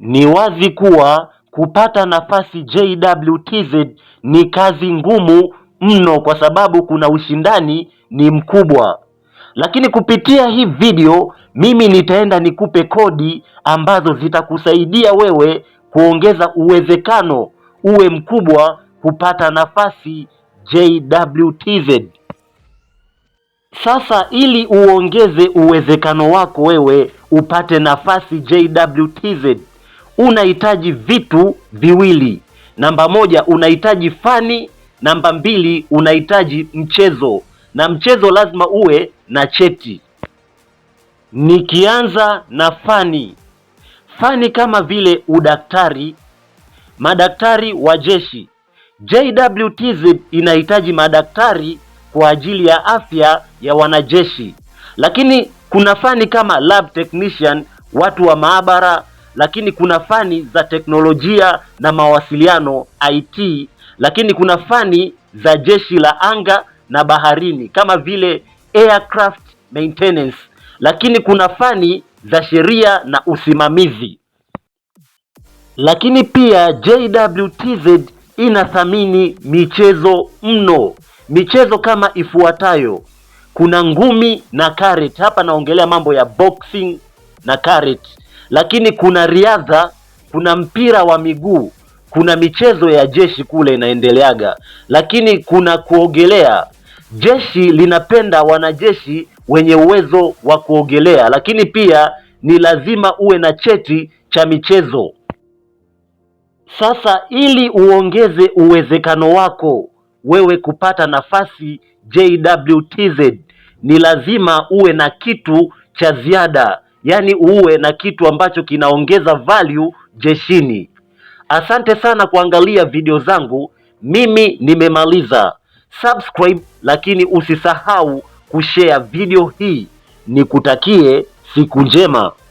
Ni wazi kuwa kupata nafasi JWTZ ni kazi ngumu mno kwa sababu kuna ushindani ni mkubwa, lakini kupitia hii video mimi nitaenda nikupe kodi ambazo zitakusaidia wewe kuongeza uwezekano uwe mkubwa kupata nafasi JWTZ. Sasa ili uongeze uwezekano wako wewe upate nafasi JWTZ unahitaji vitu viwili. Namba moja, unahitaji fani. Namba mbili, unahitaji mchezo, na mchezo lazima uwe na cheti. Nikianza na fani, fani kama vile udaktari, madaktari wa jeshi. JWTZ inahitaji madaktari kwa ajili ya afya ya wanajeshi, lakini kuna fani kama lab technician, watu wa maabara lakini kuna fani za teknolojia na mawasiliano IT, lakini kuna fani za jeshi la anga na baharini kama vile aircraft maintenance, lakini kuna fani za sheria na usimamizi. Lakini pia JWTZ inathamini michezo mno, michezo kama ifuatayo: kuna ngumi na karate. Hapa naongelea mambo ya boxing na karate lakini kuna riadha, kuna mpira wa miguu, kuna michezo ya jeshi kule inaendeleaga, lakini kuna kuogelea. Jeshi linapenda wanajeshi wenye uwezo wa kuogelea, lakini pia ni lazima uwe na cheti cha michezo. Sasa ili uongeze uwezekano wako wewe kupata nafasi JWTZ, ni lazima uwe na kitu cha ziada yaani uwe na kitu ambacho kinaongeza value jeshini. Asante sana kuangalia video zangu, mimi nimemaliza. Subscribe, lakini usisahau kushare video hii. Nikutakie siku njema.